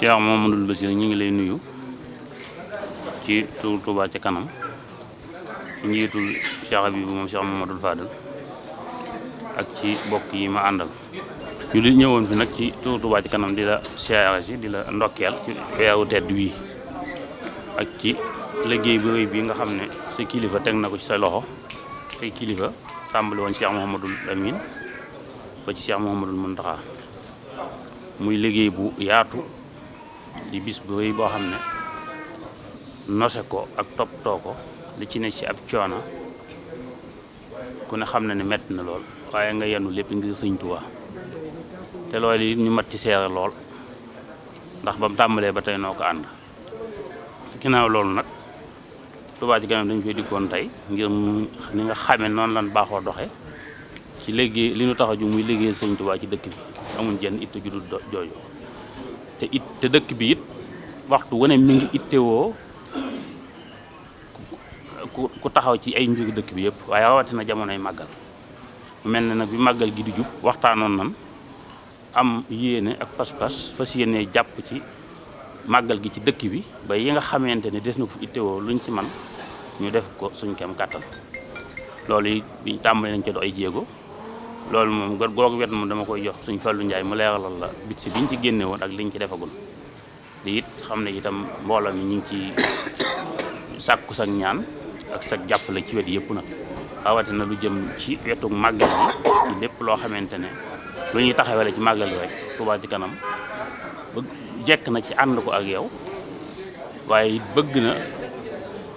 Cheikh Mamadou Bassirou ñu ngi lay nuyu ci tur Touba ca kanam njiitul Cheikh Habibou moom Cheikh Mamadou Fadal ak ci bokk yi ma àndal ñu lu ñëwoon fi nag ci tur Touba ca kanam di la siyaare si di la ndokkeel ci weeru tedd wii ak ci liggéey bu rëy bi nga xam ne sa kilifa teg na ko ci sa loxo say kilifa tàmbali woon Cheikh Mouhamadul Amine ba ci Cheikh Mouhamadul Mountakha muy liggéey bu yaatu di bis bu boo xam ne nose ko ak toppatoo ko li ci ne ci ab coono ku ne xam na ne mett na lool waaye nga yenu lépp ngir Sëñ Tuubaa te lool it ñu mat ci seere lool ndax ba mu tàmbalee ba tey noo ko ànd ginnaaw loolu nag Touba ci kanam dañu koy dikkoon tey ngir ni nga xamee noonu lan baaxoo doxe ci léegi li nu tax a ju muy liggéey Sëñ Tuubaa ci dëkk bi amuñ jenn it ju dul jooju te it te dëkk bi it waxtu wane mi ngi ittewoo ku ku taxaw ci ay mbir dëkk bi yëpp waaye rawatina jamonoy màggal mel na nag bi màggal gi di jub waxtaanoon nan am yéene ak pas-pas fas yéene jàpp ci màggal gi ci dëkk bi ba yi nga xamante ne des na ko fi ittewoo luñ ci man ñu def ko suñ kem kàttan loolu yi tàmbali nañ ci do ay jéego loolu moom goog wet moom dama koy jox suñ Fallou Ndiaye mu leeralal la bit si biñ ci génne woon ak liñ ci defagul te it xam ne itam mbooloo mi ñu ngi ci sàkku sag ñaan ak sag jàppale ci wet yëpp nag awate na lu jëm ci wetu màggal bi lépp loo xamante ne lu ñuy taxawale ci màggal bi rek Touba ci kanam bëgg jekk na ci ànd ko ak yow waaye it bëgg na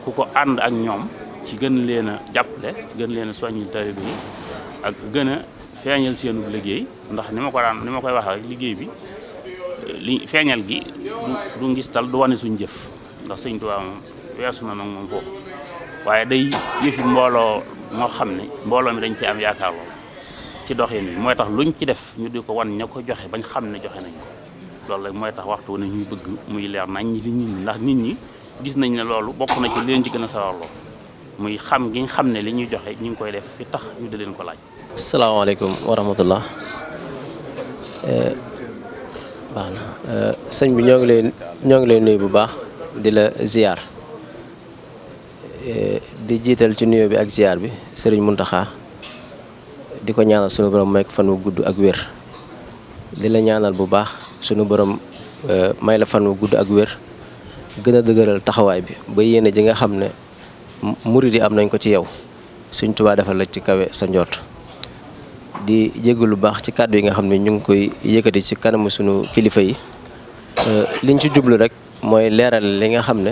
ku ko ànd ak ñoom ci gën leen a jàppale gën leen a soññil yi ak gën a feeñal seenu liggéey ndax ni ma ko daan ni ma koy wax rek liggéey bi li feeñal gi du ngistal du wane suñ jëf ndax sëñ Tuubaa moom weesu na nag moom foofu waaye day yëfi mbooloo moo xam ne mbooloo mi dañ ci am yaakaar lool ci doxin bi mooy tax luñ ci def ñu di ko wan ña ko joxe bañ xam ne joxe nañ ko loolu rek mooy tax waxtu ne ñuy bëgg muy leer nañ ñi li nit ñi ndax nit ñi gis nañ ne loolu bokk na ci leen ci gën a sawarloo muy xam gi xam ne li ñuy joxe ñu ngi koy def fi tax ñu di leen ko laaj. salaamaaleykum wa rahmatullah eh, baax eh, sëñ bi ñoo ngi leen ñoo ngi leen nuyu bu baax di la ziar eh, di jiital ci nuyoo bi ak ziar bi sëriñ Muntaxa di ko ñaanal sunu borom may ko fan wu gudd ak wér di la ñaanal bu baax sunu borom may la fan wu gudd ak wér gën a dëgëral taxawaay bi ba yéene ji nga xam ne. murid yi am nañ ko ci yow suñ Tuubaa defal la ci kawe sa njort di jégg lu baax ci kàddu yi nga xam ne ñu ngi koy yëkkati ci kanamu suñu kilifa yi eh, liñ ci jublu rek mooy leeral li nga xam ne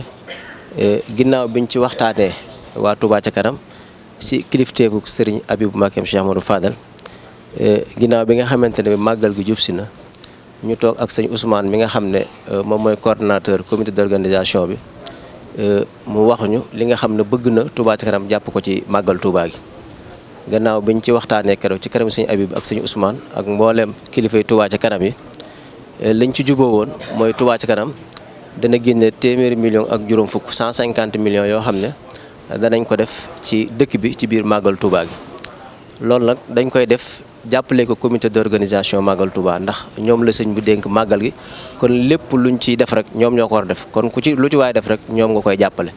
eh, ginnaaw biñ ci waxtaanee waa Touba kanam si kilifteeku sëriñ Abibu Mbakke Cheikh Amadou Fadal eh, ginnaaw bi nga xamante ne màggal gi jub si na ñu toog ak sëñ Ousmane bi nga xam ne moom mooy coordonnateur comité d'organisation bi mu waxuñu li nga xam ne bëgg na Touba ci kanam jàpp ko ci màggal Touba gi gannaaw biñ ci waxtaanee keroog ci kanam sëñ Abib ak sëñ Ousmane ak mbooleem kilifay Touba ci kanam yi eh, lañ ci juboo woon mooy Touba ci kanam dana génne téeméeri million ak juróom fukk 150 millions yoo xam ne danañ ko def ci dëkk bi ci biir màggal Touba gi loolu nag dañ koy def jàppale ko commité d'organisation Magal Touba ndax ñoom la sëñ bu dénk màggal gi kon lépp luñ ciy def rek ñoom ñoo ko war def kon ku ci lu ci waay def rek ñoom nga koy jàppale.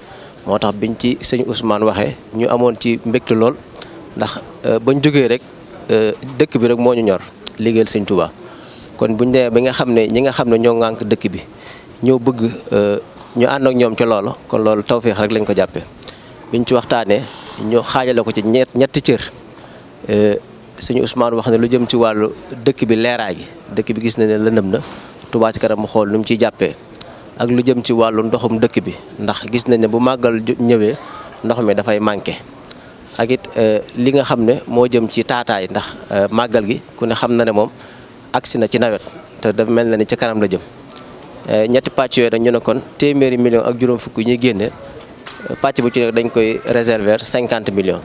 moo tax biñ ci sëñ Ousmane waxee ñu amoon ci mbégte lool ndax euh, bañ jógee rek euh, dëkk bi rek moo ñu ñor liggéeyal sëñ Touba kon buñ demee bi nga xam ne ñi nga xam ne ñoo ŋànk dëkk bi ñoo bëgg euh, ñu ànd ak ñoom ci loolu kon loolu tawféex rek lañ ko jàppee biñ ci waxtaanee ñoo xaajale ko ci ñetti cër. suñu Ousmane wax ne lu jëm ci wàllu dëkk bi leeraay gi dëkk bi gis na ne lëndëm na Touba ci kanam mu xool nu mu ciy jàppee ak lu jëm ci wàllu ndoxum dëkk bi ndax gis nañ ne bu màggal ñëwee ndox mi dafay manqué ak it euh, li nga xam ne moo jëm ci taataay ndax euh, màggal gi ku ne xam na ne moom agsi na ci nawet te dafa mel na ni ci kanam la jëm euh, ñetti pàcc yooyu nag ñu ne kon téeméeri million ak juróom fukk yi ñuy génne pàcc bu ci nekk dañ koy réserver cinquante million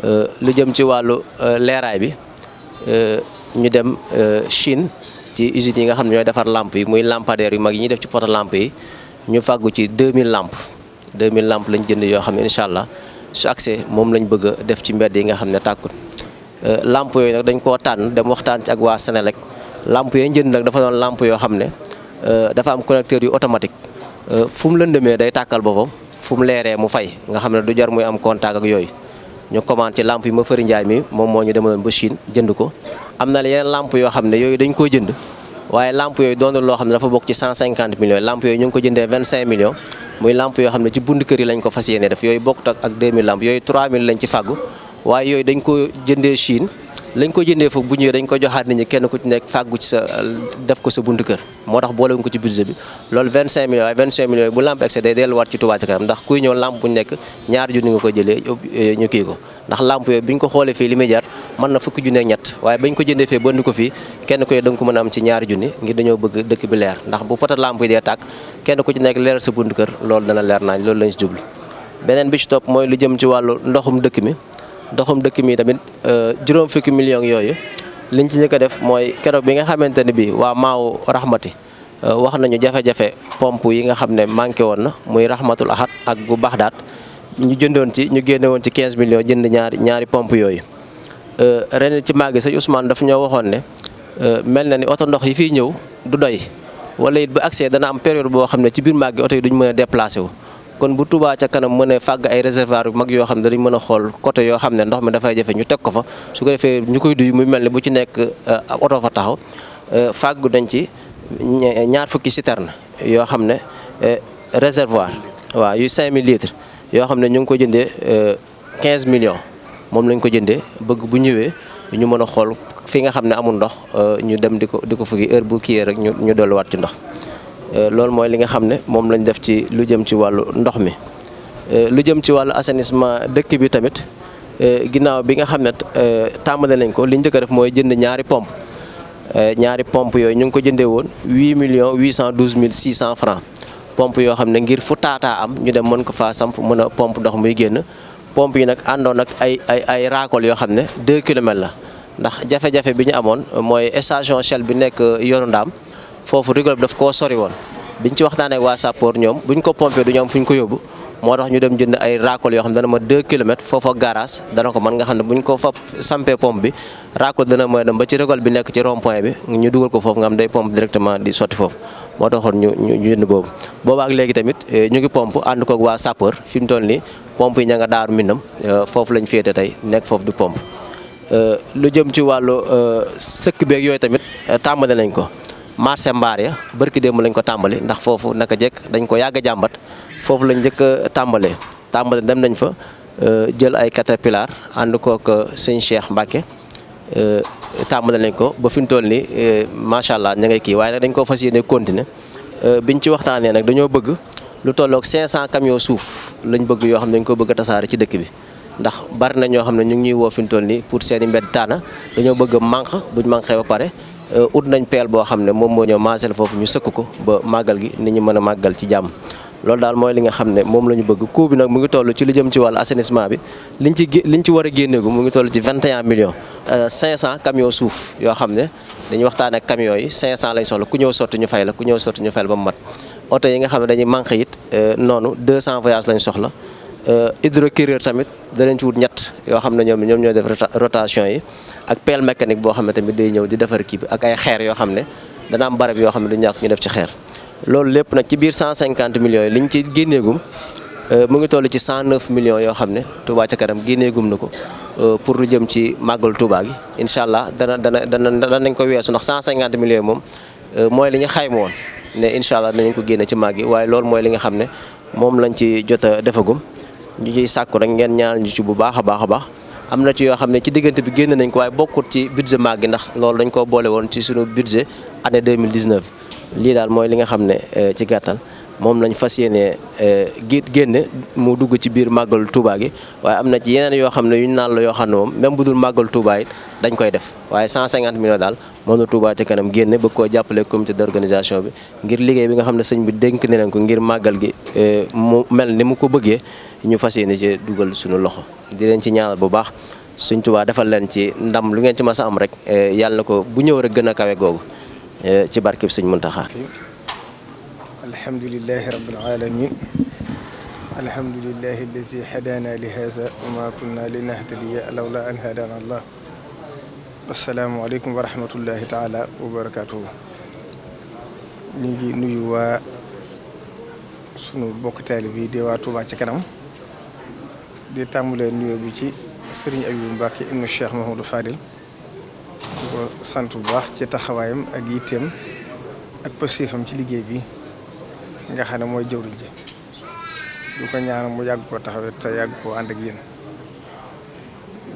Euh, lu jëm ci wàllu euh, leeraay bi euh, ñu dem Chine ci usines yi nga xam ne ñooy defar làmp yi muy lampadaire yu mag yi ñuy def ci poto làmp yi ñu fàggu ci 2000 lampe 2000 lampe lañ jënd yoo xam ne incha allah su accès moom lañ bëgg def ci mbedd yi nga xam ne tàkkut lampe yooyu nag dañ koo tànn dem waxtaan ci ak waa Senelec lampe yooyu jënd nag dafa doon lampe yoo xam ne dafa am connecteur yu automatique fu mu lëndëmee day tàkkal boppam fu mu leeree mu fay nga xam ne du jar muy am contact ak yooyu ñu commande ci lamp yi ma fëri njaay mi moom moo ñu demaloon ba Chine jënd ko am na yeneen lamp yoo xam ne yooyu dañ koo jënd waaye lamp yooyu doonul loo xam ne dafa bokk ci 150 millions lamp yooyu ñu ngi ko jëndee 25 millions muy lamp yoo xam ne ci bund kër yi lañ ko fas yéene def yooyu bokkut ak 2000 lamp yooyu 3000 lañ ci fàggu waaye yooyu dañ ko jëndee Chine lañ ko jëndee foofu bu ñu dañ ko joxaat nit ñi kenn ku ci nekk fàggu ci sa def ko sa buntu kër moo tax boolewuñ ko ci budget bi loolu 25 millions waaye 25 millions yi bu lamp excès day delluwaat ci Touba ca kanam ndax kuy ñëw lamp bu ñu nekk ko jëlee ñu kii ko ndax lamp yooyu ko xoolee fii li muy jar mën na fukki junni ak waaye bañ ko jëndee fee bënd ko fii kenn ku ko mën a am ci ñaari junni ngir dañoo bëgg dëkk bi leer ndax bu pota lamp yi dee tàkk kenn ku ci nekk leeral sa buntu kër loolu dana leer naañ loolu lañ ci jublu beneen bi ci topp mooy lu jëm ci wàllu ndoxum dëkk mi doxum dëkk mi tamit euh, juróom fukki million yooyu liñ ci njëkk def mooy keroog bi nga xamante ne bii waa maaw rahmati euh, wax nañu jafe-jafe pompe yi nga xam ne manqué woon na muy rahmatul ahad ak bu baax daat ñu jëndoon ci ñu génne woon ci quinze million jënd ñaari ñaari pompe yooyu. Euh, ren ci màgg sëñ Ousmane daf ñoo waxoon ne mel na ni oto ndox yi fiy ñëw du doy wala it bu accès dana am période boo xam ne ci biir màgg oto yi duñ mën a déplacé wu. kon bu tubaa ca kanam mënee a fàgg ay réservoir yu mag yoo xam ne dañ mën a xool côté yoo xam ne ndox mi dafay jafe ñu teg ko fa su ko defee ñu koy duy muy mel ne bu ci nekk euh, oto fa taxaw euh, fàggu dañ ci ñaar fukki citerne yoo xam ne euh, réservoir waaw yu 5000 litres yoo xam ne ñu ngi ko jëndee 15 millions moom lañ ko jëndee bëgg bu ñëwee ñu mën a xool fi nga xam ne amul ndox ñu dem di ko di ko fukki heure bu kii rek ñu ñu dolluwaat ci ndox. Euh, loolu mooy li nga xam ne moom lañ def ci lu jëm ci wàllu ndox mi euh, lu jëm ci wàllu assainissement dëkk bi tamit euh, ginnaaw bi nga xam ne tàmbale nañ ko li njëkk a def mooy jënd ñaari pompe ñaari pompe yooyu ñu ngi ko jëndee woon 8 cent 812 mille 600 francs pompe yoo xam ne ngir fu taata am ñu dem mën ko faa samp mën a pompe ndox muy génn pompe yi nag àndoon ak ay ay ay raakool yoo xam ne 2 kilomètres la ndax jafe-jafe bi ñu amoon mooy station Shell bi nekk yoru foofu rigole bi daf koo sori woon biñ ci waxtaanee waa Sappoor ñoom buñ ko pompé du ñu am fuñ ko yóbbu moo tax ñu dem jënd ay racole yoo xam ne dana ma 2 kilomètres foofa garage dana ko mën nga xam ne bu buñ ko fa sampee pompe bi racole dana ma dem ba ci rigole bi nekk ci rond bi ñu dugal ko foofu nga xam day pompe directement di sotti foofu moo taxoon ñu ñu jënd boobu. ak léegi tamit eh, ñu ngi pompe ànd koog waa Sappoor fi mu toll nii pompe yi ña nga daaru Minam eh, foofu lañ féete tey nekk foofu du pompe eh, lu jëm ci wàllu sëkk beeg yooyu tamit tàmbale nañ ko. marché mbaar ya barki démb lañ ko tàmbali ndax foofu naka jekk dañ ko yàgg a jàmbat foofu lañ njëkk a tàmbalee tàmbale dem nañ fa euh, jël ay caterpillar ànd kook euh, sëñ Cheikh Mbacke euh, tàmbale nañ ko ba fi mu toll nii macha allah ña ngay kii waaye nag dañ ko fas yéene continuer biñ ci waxtaanee nag dañoo bëgg lu tollook 500 camions suuf lañ bëgg yoo xam ne dañ ko bëgg a ci dëkk bi. ndax bari na ñoo xam ne ñu ngi ñuy woo fi mu toll nii pour seeni i mbedd taana dañoo bëgg a manqué buñ manqué ba pare. Euh, ut nañ peel boo xam ne moom moo ñëw maasel foofu ñu sëkk ko ba màggal gi ni ñu mën a màggal ci jàmm loolu daal mooy li nga xam ne moom la ñu bëgg coût bi nag mu ngi toll ci lu jëm ci wàllu assainissement bi liñ ci liñ ci war a génneegu mu ngi toll ci 21 millions 500 euh, camions suuf yoo xam ne dañuy waxtaan ak camions yi 500 lañ soxla ku ñëw sotti ñu fay la ku ñëw sotti ñu fay la ba mu mat oto yi nga xam ne dañuy manqué it euh, noonu 200 voyages lañ soxla hydrocureur tamit danañ ci wut ñett yoo xam ne ñoom ñoom ñoo def rotation yi ak pelle mécanique boo xam ne tamit day ñëw di defar kii bi ak ay xeer yoo xam ne dana am barab yoo xam ne du ñàkk ñu def ci xeer loolu lépp nag ci biir 150 millions yi liñ ci génneegum euh, mu ngi toll ci 109 millions yoo xam ne Touba ca kanam génneegum na ko euh, pour lu jëm ci màggal Touba gi incha allah dana dana dana danañ ko weesu ndax 150 millions moom euh, mooy li ñu xayma woon ne incha allah danañ ko génne ci màggi yi waaye loolu mooy li nga xam ne moom lañ ci jot a defagum ñu ciy sàkku rek ngeen ñaanal ñu ci bu baax a baax a baax. am na ci yoo xam ne ci diggante bi génn nañ ko waaye bokkut ci budget mag gi ndax loolu dañ koo boole woon ci suñu budget année 2019 lii daal mooy li nga xam ne eh, ci gàttal moom lañ fas yéene gi eh, génne mu dugg ci biir màggalu Touba gi waaye am na ci yeneen yoo xam ne yu ñu naan la yoo xam ne moom même bu dul màggalu Touba it dañ koy def waaye 150 daal moom la Touba ci kanam génne bëgg ko jàppale comité d'organisation bi ngir liggéey bi nga xam ne sëñ bu dénk ne ko ngir màggal gi eh, mu mel ni mu ko bëggee ñu fas yéene ci dugal suñu loxo di leen ci ñaanal bu baax suñ Touba defal leen ci ndam lu ngeen ci mas a am rek eh, yàlla na ko bu ñëw rek gën a kawe googu ci barkeb sëñ Muntaxa alhamdulilahi rabbil alamin alhamdulilahi allazi hadana li haza wa ma kunna linahtadiya lawla an hadana allah assalaamu aleykum wa rahmatullahi taala wa barakatuhu ñu ngi sunu bokk taalib yi di waa ci kanam di tàmbalee nuyoo bi ci sëriñ Abibu Mbàkke ibnu Cheikh Mahamadou Fadil di bu baax ci taxawaayam ak yitteem ak pësifam ci liggéey bi nga xam ne mooy jëwriñ ji du ko ñaan mu yàgg koo taxawee te yàgg koo ànd ak yéen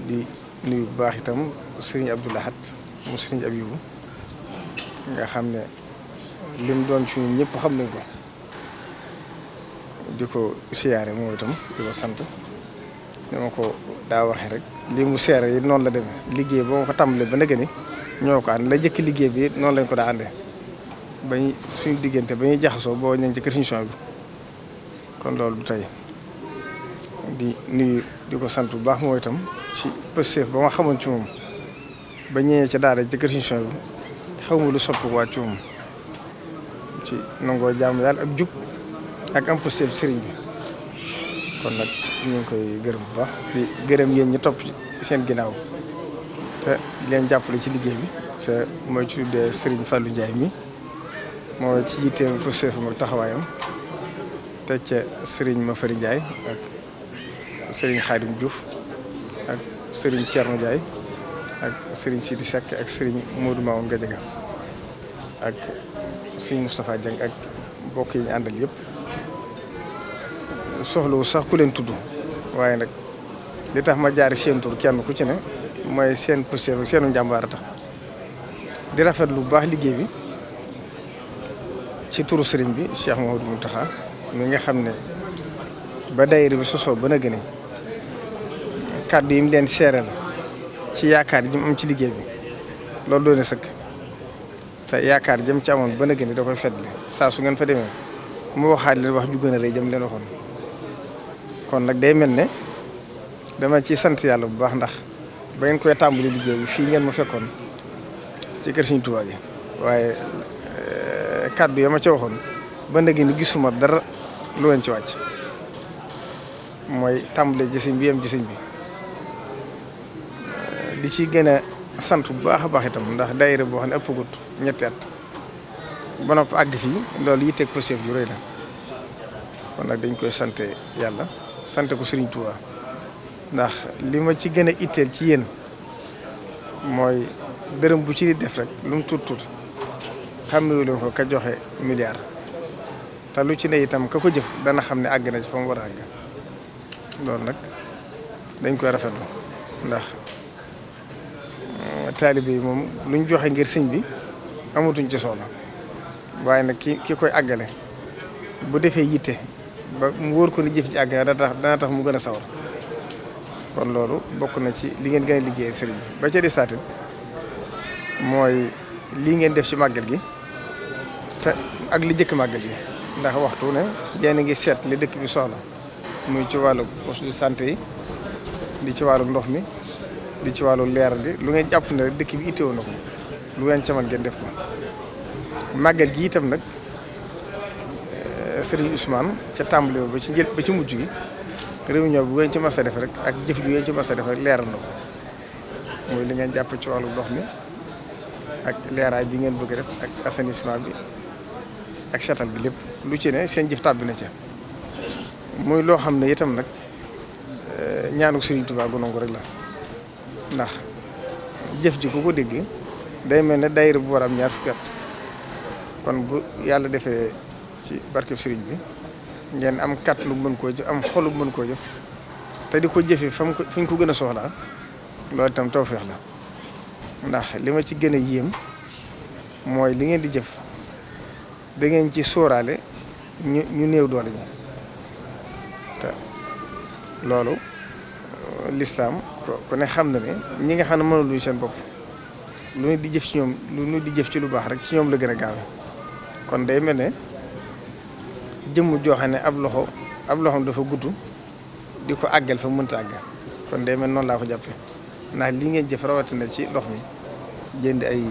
di nuyu bu baax itam sëriñ Abdou Lahad mu sëriñ Abibou nga xam ne lim doon ci ñépp xam nañ ko di ko siyaare moom itam di ko sant ni ma ko daa waxee rek lii mu seere yi noon la demee liggéey boo ma ko tàmbalee ba nag ni ñoo ko ànd la jëkk liggéey bi noonu lañ ko daa àndee. ba ñu suñu diggante ba ñuy jaxasoo boo ñëwee ci kër suñu bi kon loolu du tey di nuyu di ko sant bu baax mooy itam ci pësteef ba ma xamoon ci ba ñëwee ci kër suñu son bi xaw ma lu soppikuwaat ci moom ci nangoo jàmm yàlla ak jub ak am pësteef sëriñ bi kon nag ñu ngi koy gërëm bu baax di gërëm yéen ñu topp seen ginnaaw te di leen jàppale ci liggéey bi te mooy ci tuddee Serigne Fallou Ndiaye mi. moo ci yitteem pour seefam ak taxawaayam te ca sëriñ Mafari Ndiaye ak sëriñ Xaadim Diouf ak sëriñ Thierno jaay ak sëriñ Sidi sekk ak sëriñ Modou Maoun Gadiaga ak sëriñ Moustapha Dieng ak mbokk yi ñu àndal yëpp soxlawu sax ku leen tudd waaye nag li tax ma jaari seen tur kenn ku ci ne mooy seen pëstéef seenu njàmbaar di rafet lu baax liggéey bi ci turu sëriñ bi Cheikh Mouhamadou taxa mu nga xam ne ba daayira bi sosoo ba na gën kàddu yi mu leen seeral ci yaakaar ji mu am ci liggéey bi loolu doone sëkk te yaakaar jëm ci amoon ba na gën da koy saa su ngeen fa demee mu waxaat leen wax ju gën a jëm leen waxoon kon nag day mel ne dama ci sant yàlla bu baax ndax ba ngeen koy tàmbali liggéey bi fii ngeen ma fekkoon ci kër Sëriñ Tuubaa gi waaye bi ya ma ca waxoon ba léegi ni gisuma dara lu leen ci wàcc mooy tàmbale ci sëñ bi yem ci bi eh, di ci gën a sant bu baax a baax itam ndax daayira boo xam ne ëppagut ñetti at ba nopp àgg fii loolu yitteeg procef ju rëy la kon nag dañ koy sante yàlla sante ko Sëriñ Tuubaa ndax li ma ci gën a itteel ci yéen mooy dërëm bu ci def rek lu mu tuut tuut tàmmiwu leen ko ka joxe milliard te lu ci ne itam ka ko jëf dana xam ne àgg na ci fa mu war a àgg loolu nag dañ koy rafetlu ndax eh, taalibe yi moom luñ joxe ngir sëñ bi amatuñ ci soxla waaye nag ki ki koy àggale bu defee yitte ba mu wóor ko ni jëf ji àgg na dana tax mu gën a sawar kon loolu bokk na ci li ngeen gën a liggéey sëriñ bi ba ca des mooy lii ngeen def ci màggal gi te ak li jëkk màggal yi ndax waxtu ne yéen a ngi seet li dëkk bi soxla muy ci wàllu poste de santé yi di ci wàllu ndox mi di ci wàllu leeral bi lu ngeen jàpp ne dëkk bi itteewu lu ngeen ca mën ngeen def ko màggal gi itam nag eh, Serigne Ousmane ca tàmbali ba ci njël ci mujj gi réunion bu ngeen ci mas a rek ak jëf ju ngeen ci mas a def leeral na ko mooy li ngeen jàpp ci wàllu ndox mi ak leeraay bi ngeen bëgg def ak assainissement bi ak seetal gi lépp lu ci ne seen jëf tàbbi na ca muy loo xam ne itam nag eh, ñaanu Serigne Touba gu nangu rek la ndax jëf ji ku ko dégg day mel ne daayira bu war am ñaar fukki at kon bu yàlla defee ci barkeb Serigne bi ngeen am kàtt lu mën koo jëf am xolu mën koo jëf te di ko jëfee fa mu ko fi ñu ko gën a soxlaa loolu itam tawfeex la ndax li ma ci gën a yéem mooy li ngeen di jëf. dangeen ci sóoraale ñu ñu néew doole ñi te loolu lislaam ko ne xam na ne ñi nga xam ne mënul luñ seen bopp lu ñu di jëf ci ñoom lu ñu di jëf ci lu baax rek ci ñoom la gën a gaawe kon day mel ne jëmm joo xam ne ab loxo ab loxoom dafa gudd di ko àggal fa mënta àgg kon day mel noonu laa ko jàppe ndax li ngeen jëf rawatina ci ndox mi jënd ay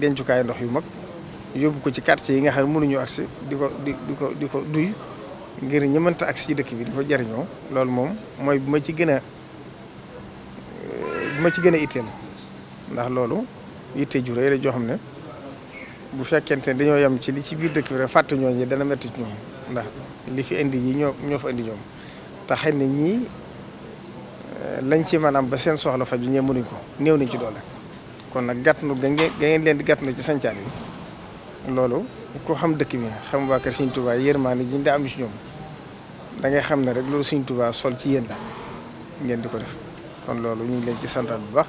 dencukaayu ndox yu mag yóbbu ko ci quartier yi nga xam ne mënuñu agsi di ko di ko di ko duy ngir ñi mënta agsi ci dëkk bi di ko jariñoo loolu moom mooy bu ma ci gën a bu ma ci gën a itteel ndax loolu yitte ju rëy la joo xam ne bu fekkente dañoo yem ci li ci biir dëkk bi rek fàtte ñooñu dana métti ci ndax li fi indi yi ñoo ñoo fa indi ñoom te xëy na ñii eh, lañ ci maanaam ba seen soxla faj faju ñee mënuñ ko néew nañ ci doole kon nag gàttanu ga ngeen leen di gàttanu ci sancaar yi loolu ku xam dëkk mi xam waa kër Sëriñ Tuubaa yërmaande ji daa am ci ñoom da ngay xam ne rek loolu Sëriñ Tuubaa sol ci yéen la ngeen di ko def kon loolu ñu leen ci santaat bu baax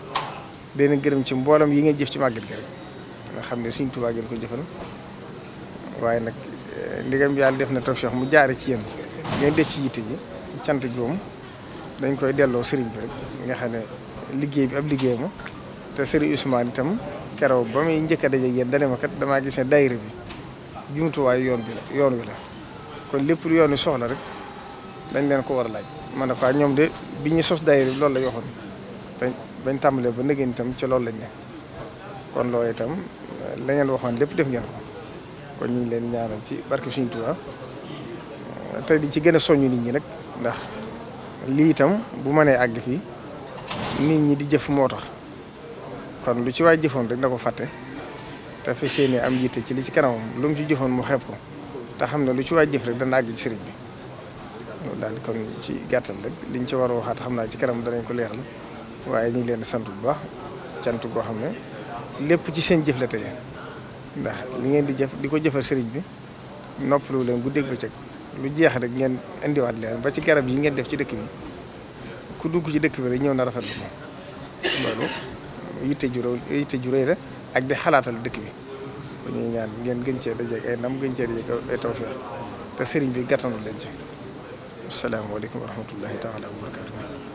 dina gërëm ci mboolam yi ngeen jëf ci màgget gi rek nga xam ne Sëriñ tubaa ngeen ko jëfal waaye nag bi eh, yàlla def na tawfeex mu jaare ci yéen ngeen def ci yitte ji cant gi dañ koy delloo sëriñ bi rek nga xam ne liggéey bi ab liggéey ma te Serigne Ousmane itam kerew ba muy njëkk a daje yéen dane ma kat damaa gis ne bi jumtuwaay yoon yoon wi la kon lépp yoon wi soxla rek dañ leen ko war a laaj man ne quoi ah ñoom de bi ñu sos daayira bi loolu la ñu waxoon te bañ tàmbalee ba nëgën itam ci loolu lañ ne kon loo itam eh, la ngeen waxoon lépp def ngeen ko kon ñu leen ñaanal ci barke Sëriñ Tuubaa eh, te di ci gën a soññu nit ñi nag ndax lii itam bu mënee àgg fi nit ñi di jëf moo tax. kon lu ci waay jëfoon rek na ko fàtte te fas yéene am yitte ci li ci kanamam lu mu ci jëfoon mu xeeb ko te xam ne lu ci waay jëf rek dana àgg ci sëriñ bi loolu daal kon ci gàttal rek liñ ci war a waxaat xam naa ci kanam danañ ko leeral waaye ñu ngi leen sant bu baax cant goo xam ne lépp ci seen jëf ndax li ngeen di jëf di ko jëfal sëriñ bi nopp noppalu leen guddeeg bëccëg lu jeex rek ngeen indiwaat leen ba ci garab yi ngeen def ci dëkk bi ku dugg ci dëkk bi rek ñëw na rafet ko loolu. yitte ju réy yitte ju rek ak di xalaatal dëkk bi bu ñuy ñaan ngeen gën cee dajeeg ay ndam gën cee dajeeg ay tawfeex te sëriñ bi gàttanu leen ci asalaamaaleykum wa rahmatullahi taala wa barakatuh